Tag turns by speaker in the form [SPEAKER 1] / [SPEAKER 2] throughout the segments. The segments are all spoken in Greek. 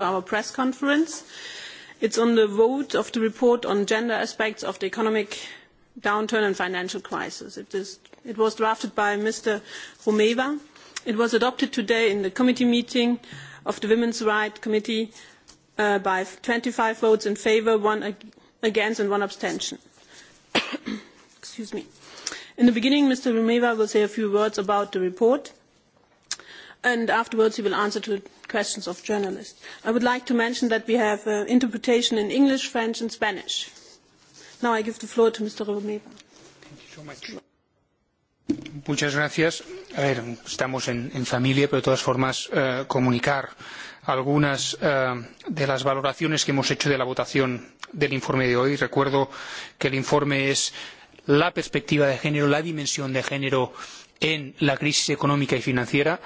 [SPEAKER 1] our press conference. It's on the vote of the report on gender aspects of the economic downturn and financial crisis. It was drafted by Mr. Romeva. It was adopted today in the committee meeting of the Women's Rights Committee by 25 votes in favour, one against and one abstention. Excuse me. In the beginning, Mr. Romeva will say a few words about the report and afterwards he will answer to questions of journalists. I would like to mention that we have interpretation in English, French and Spanish. Now I give the floor to Mr. Romeva.
[SPEAKER 2] Muchas gracias. A ver, estamos en familia, pero de todas formas comunicar algunas de las valoraciones que hemos hecho de la votación del informe de hoy. Recuerdo que el informe es la perspectiva de género, la dimensión de género en la crisis económica y financiera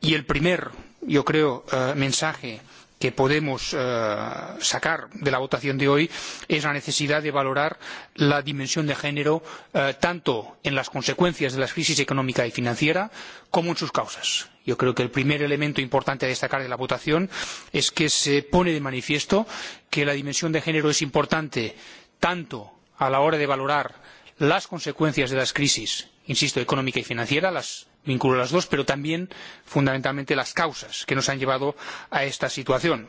[SPEAKER 2] y el primer yo creo mensaje que podemos sacar de la votación de hoy es la necesidad de valorar la dimensión de género tanto en las consecuencias de la crisis económica y financiera como en sus causas. Yo creo que el primer elemento importante a destacar de la votación es que se pone de manifiesto que la dimensión de género es importante tanto a la hora de valorar las consecuencias de las crisis insisto económica y financiera las vinculo a las dos pero también fundamentalmente las causas que nos han llevado a esta situación.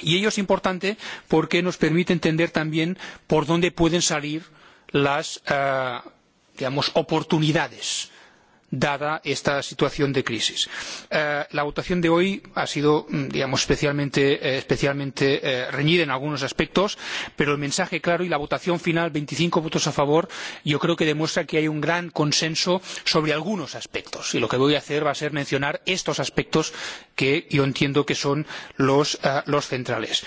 [SPEAKER 2] y ello es importante porque nos permite entender también por dónde pueden salir las digamos oportunidades dada esta situación de crisis. La votación de hoy ha sido, digamos, especialmente reñida en algunos aspectos, pero el mensaje claro y la votación final, 25 votos a favor, yo creo que demuestra que hay un gran consenso sobre algunos aspectos. Y lo que voy a hacer va a ser mencionar estos aspectos que yo entiendo que son los centrales.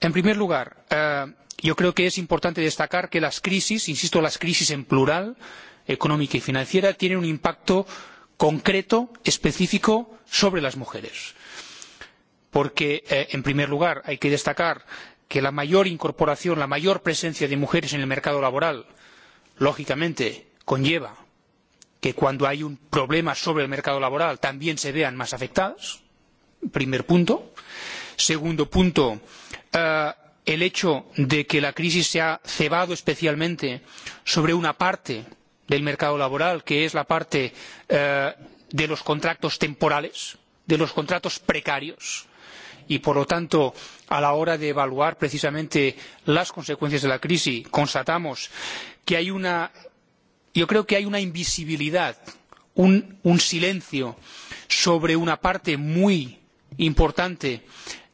[SPEAKER 2] En primer lugar, yo creo que es importante destacar que las crisis, insisto, las crisis en plural, económica y financiera tiene un impacto concreto, específico, sobre las mujeres. Porque, en primer lugar, hay que destacar que la mayor incorporación, la mayor presencia de mujeres en el mercado laboral, lógicamente, conlleva que cuando hay un problema sobre el mercado laboral también se vean más afectadas. Primer punto. Segundo punto, el hecho de que la crisis se ha cebado especialmente sobre una parte del mercado laboral, que es la parte de los contratos temporales, de los contratos precarios, y, por lo tanto, a la hora de evaluar precisamente las consecuencias de la crisis, constatamos que hay una yo creo que hay una invisibilidad, un silencio sobre una parte muy importante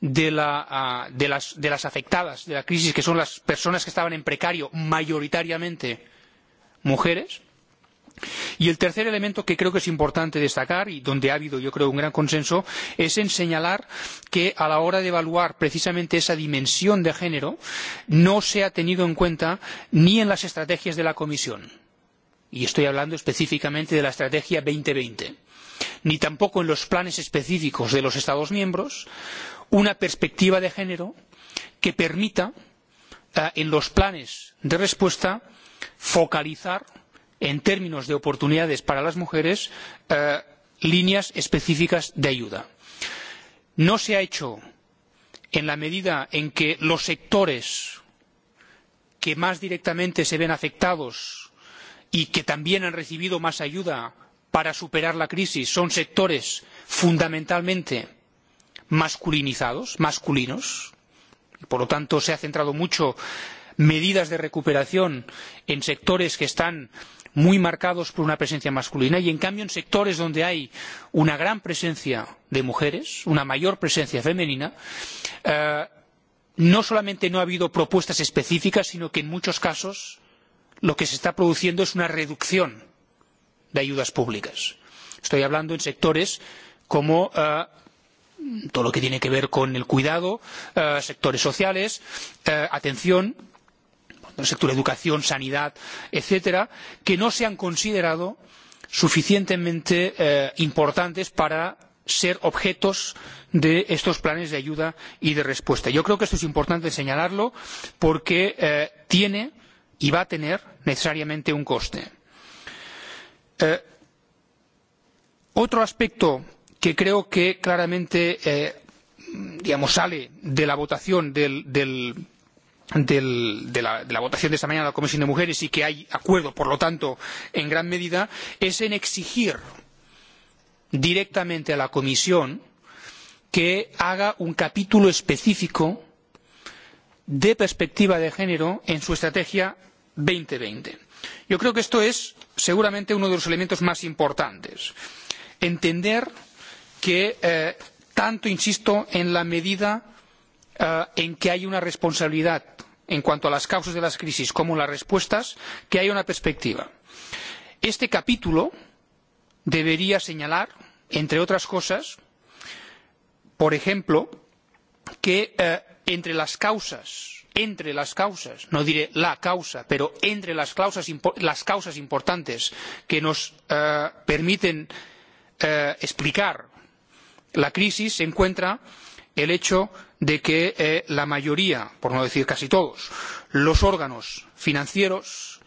[SPEAKER 2] de las afectadas de la crisis, que son las personas que estaban en precario mayoritariamente mujeres. Y el tercer elemento que creo que es importante destacar y donde ha habido yo creo un gran consenso es en señalar que a la hora de evaluar precisamente esa dimensión de género no se ha tenido en cuenta ni en las estrategias de la Comisión y estoy hablando específicamente de la Estrategia 2020 ni tampoco en los planes específicos de los Estados miembros una perspectiva de género que permita en los planes de respuesta focalizar en términos de oportunidades para las mujeres líneas específicas de ayuda. No se ha hecho en la medida en que los sectores que más directamente se ven afectados y que también han recibido más ayuda para superar la crisis son sectores fundamentalmente masculinizados masculinos por lo tanto se ha centrado mucho medidas de recuperación en sectores que están muy marcados por una presencia masculina y en cambio en sectores donde hay una gran presencia de mujeres una mayor presencia femenina no solamente no ha habido propuestas específicas sino que en muchos casos lo que se está produciendo es una reducción de ayudas públicas. estoy hablando en sectores como todo lo que tiene que ver con el cuidado, sectores sociales, atención, el sector educación, sanidad, etcétera, que no se han considerado suficientemente importantes para ser objetos de estos planes de ayuda y de respuesta. Yo creo que esto es importante señalarlo porque tiene y va a tener necesariamente un coste. Otro aspecto que creo que claramente sale de la votación de la votación de esta mañana de la comisión de mujeres y que hay acuerdo por lo tanto en gran medida es en exigir directamente a la comisión que haga un capítulo específico de perspectiva de género en su estrategia 2020. yo creo que esto es seguramente uno de los elementos más importantes entender que tanto insisto en la medida en que hay una responsabilidad en cuanto a las causas de las crisis como las respuestas que hay una perspectiva. este capítulo debería señalar entre otras cosas por ejemplo que entre las causas entre las causas no diré la causa pero entre las causas importantes que nos permiten explicar la crisis se encuentra el hecho de que la mayoría por no decir casi todos los órganos financieros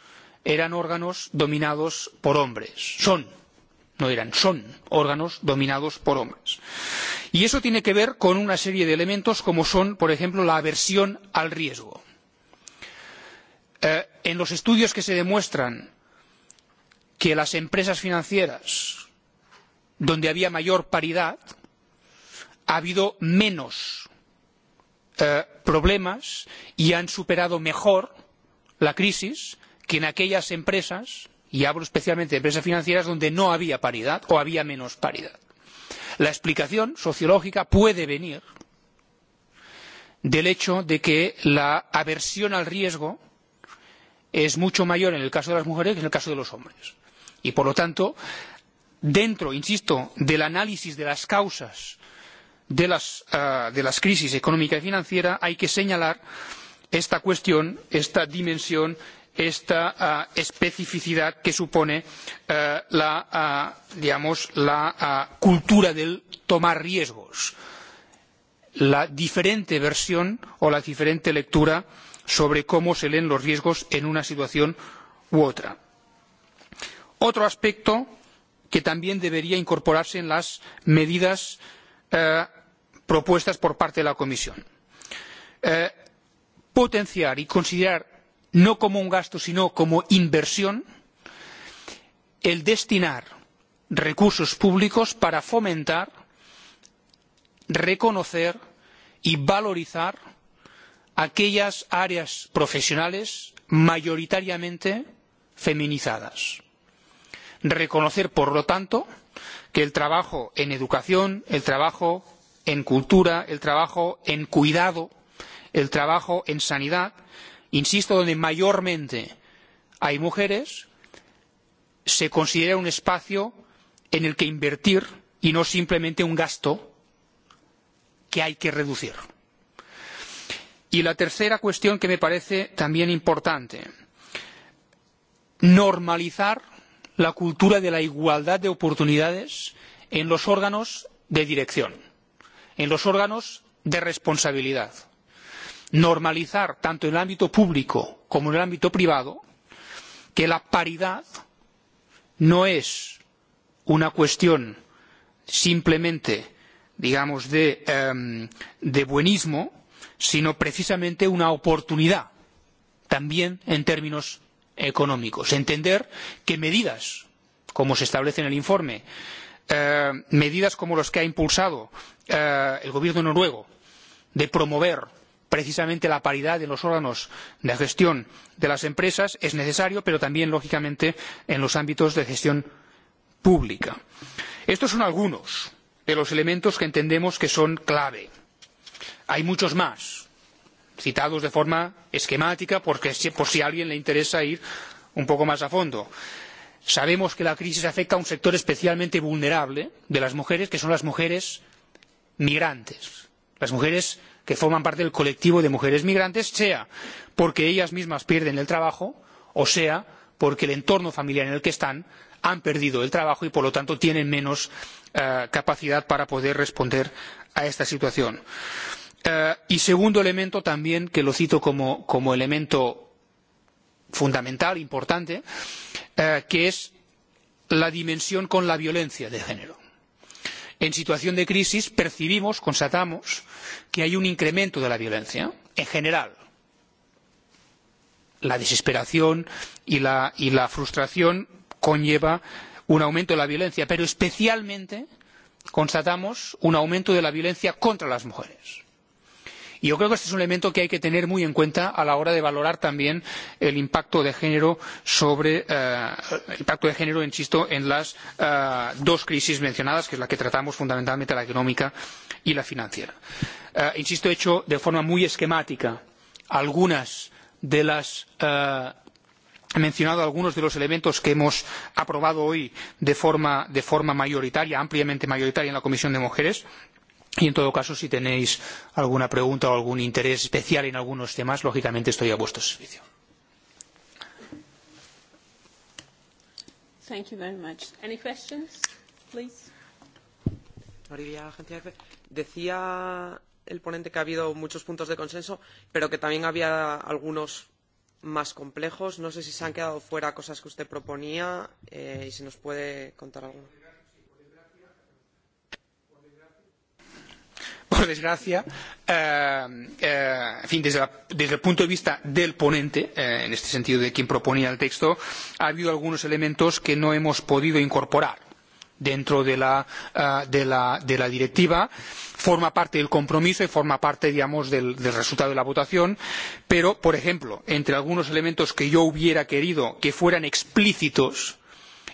[SPEAKER 2] eran órganos dominados por hombres son no eran son órganos dominados por hombres y eso tiene que ver con una serie de elementos como son por ejemplo la aversión al riesgo en los estudios que se demuestran que las empresas financieras donde había mayor paridad ha habido menos problemas y han superado mejor la crisis que en aquellas empresas y hablo especialmente de empresas financieras donde no había paridad o había menos paridad. La explicación sociológica puede venir del hecho de que la aversión al riesgo es mucho mayor en el caso de las mujeres que en el caso de los hombres. Y, por lo tanto, dentro, insisto, del análisis de las causas de las crisis económica y financiera hay que señalar esta cuestión esta dimensión esta especificidad que supone la cultura del tomar riesgos la diferente versión o la diferente lectura sobre cómo se leen los riesgos en una situación u otra. otro aspecto que también debería incorporarse en las medidas propuestas por parte de la Comisión. Potenciar y considerar no como un gasto, sino como inversión, el destinar recursos públicos para fomentar, reconocer y valorizar aquellas áreas profesionales mayoritariamente feminizadas. Reconocer, por lo tanto, que el trabajo en educación el trabajo en cultura el trabajo en cuidado el trabajo en sanidad insisto donde mayormente hay mujeres se considera un espacio en el que invertir y no simplemente un gasto que hay que reducir. Y la tercera cuestión que me parece también importante normalizar la cultura de la igualdad de oportunidades en los órganos de dirección, en los órganos de responsabilidad. Normalizar, tanto en el ámbito público como en el ámbito privado, que la paridad no es una cuestión simplemente, digamos, de buenismo, sino precisamente una oportunidad, también en términos económicos. Entender que medidas, como se establece en el informe, medidas como las que ha impulsado el gobierno noruego de promover precisamente la paridad en los órganos de gestión de las empresas es necesario, pero también, lógicamente, en los ámbitos de gestión pública. Estos son algunos de los elementos que entendemos que son clave. Hay muchos más citados de forma esquemática porque por si a alguien le interesa ir un poco más a fondo. Sabemos que la crisis afecta a un sector especialmente vulnerable de las mujeres, que son las mujeres migrantes, las mujeres que forman parte del colectivo de mujeres migrantes, sea porque ellas mismas pierden el trabajo o sea porque el entorno familiar en el que están han perdido el trabajo y, por lo tanto, tienen menos capacidad para poder responder a esta situación. Y segundo elemento también, que lo cito como elemento fundamental, importante, que es la dimensión con la violencia de género. En situación de crisis percibimos, constatamos, que hay un incremento de la violencia en general. La desesperación y la frustración conlleva un aumento de la violencia, pero especialmente constatamos un aumento de la violencia contra las mujeres y yo creo que este es un elemento que hay que tener muy en cuenta a la hora de valorar también el impacto de género sobre el impacto de género insisto en las dos crisis mencionadas que es la que tratamos fundamentalmente la económica y la financiera. insisto he hecho de forma muy esquemática algunas de las He mencionado algunos de los elementos que hemos aprobado hoy de forma mayoritaria, ampliamente mayoritaria en la Comisión de Mujeres Y en todo caso, si tenéis alguna pregunta o algún interés especial en algunos temas, lógicamente estoy a vuestro servicio.
[SPEAKER 1] Thank you very much. Any questions,
[SPEAKER 2] please? Decía el ponente que ha habido muchos puntos de consenso, pero que también había algunos más complejos. No sé si se han quedado fuera cosas que usted proponía y si nos puede contar algo. por desgracia, en fin, desde el punto de vista del ponente, en este sentido de quien proponía el texto, ha habido algunos elementos que no hemos podido incorporar dentro de la directiva. Forma parte del compromiso y forma parte, digamos, del resultado de la votación. Pero, por ejemplo, entre algunos elementos que yo hubiera querido que fueran explícitos,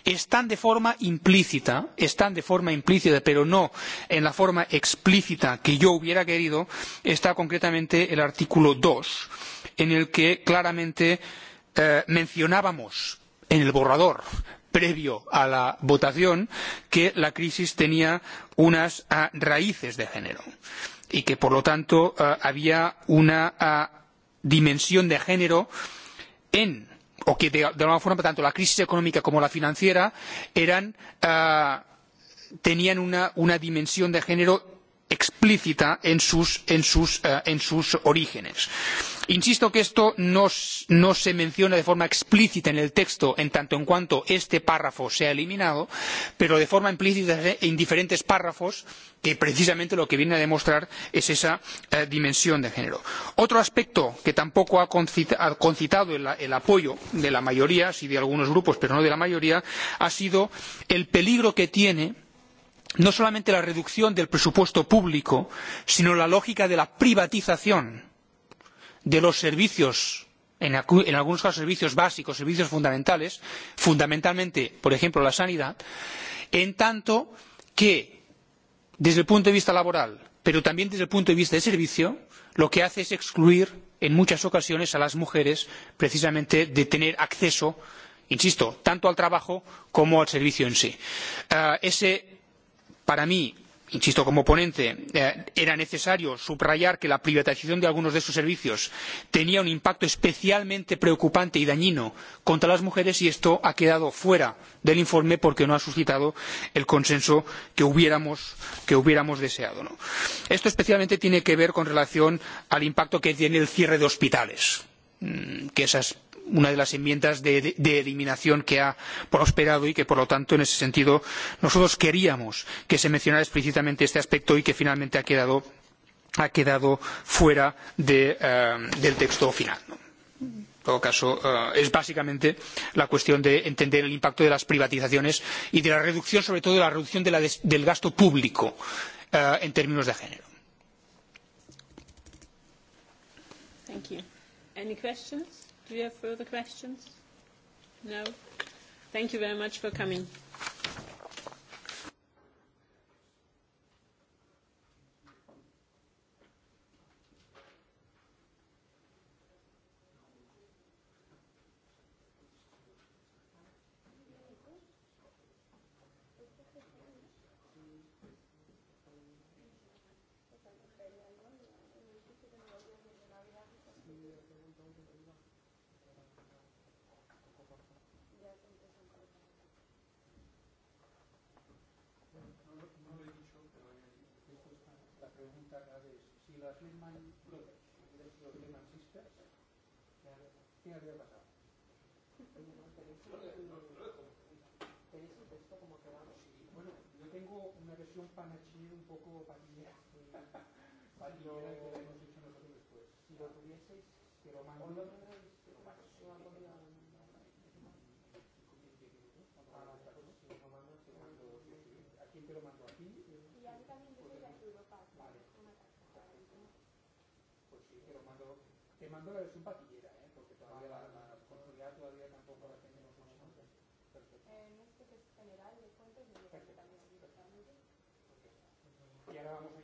[SPEAKER 2] están de forma implícita están de forma implícita pero no en la forma explícita que yo hubiera querido está concretamente el artículo 2 en el que claramente mencionábamos en el borrador previo a la votación que la crisis tenía unas raíces de género y que por lo tanto había una dimensión de género en o que de alguna forma tanto la crisis económica como la financiera eran tenían una dimensión de género explícita en sus orígenes. Insisto que esto no se menciona de forma explícita en el texto en tanto en cuanto este párrafo sea eliminado, pero de forma implícita en diferentes párrafos que precisamente lo que viene a demostrar es esa dimensión de género. Otro aspecto que tampoco ha concitado el apoyo de la mayoría, sí de algunos grupos, pero no de la mayoría, ha sido el peligro que tiene no solamente la reducción del presupuesto público sino la lógica de la privatización de los servicios en algunos casos servicios básicos servicios fundamentales fundamentalmente por ejemplo la sanidad en tanto que desde el punto de vista laboral pero también desde el punto de vista de servicio lo que hace es excluir en muchas ocasiones a las mujeres precisamente de tener acceso insisto tanto al trabajo como al servicio en sí. ese para mí insisto como ponente era necesario subrayar que la privatización de algunos de sus servicios tenía un impacto especialmente preocupante y dañino contra las mujeres y esto ha quedado fuera del informe porque no ha suscitado el consenso que hubiéramos deseado. esto especialmente tiene que ver con relación al impacto que tiene el cierre de hospitales que esas una de las enmiendas de eliminación que ha prosperado y que por lo tanto en ese sentido nosotros queríamos que se mencionara explícitamente este aspecto y que finalmente ha quedado fuera del texto final. En todo caso, es básicamente la cuestión de entender el impacto de las privatizaciones y de la reducción, sobre todo de la reducción del gasto público en términos de género.
[SPEAKER 1] Do you have further questions? No? Thank you very much for coming.
[SPEAKER 2] la pregunta clave es, si las Lehman Brothers, los Lehman Sisters, ¿qué habría pasado? ¿Tenéis el texto como quedado? Sí, bueno, yo tengo una versión panachir un poco panillera. Panillera que la hemos hecho nosotros después. Si lo tuvieseis, que lo mando. Te mando la versión patillera, ¿eh? porque todavía la, la consolidada todavía tampoco la tenemos mucho. Perfecto. En este que es general de cuentas, yo también directamente. Y ahora vamos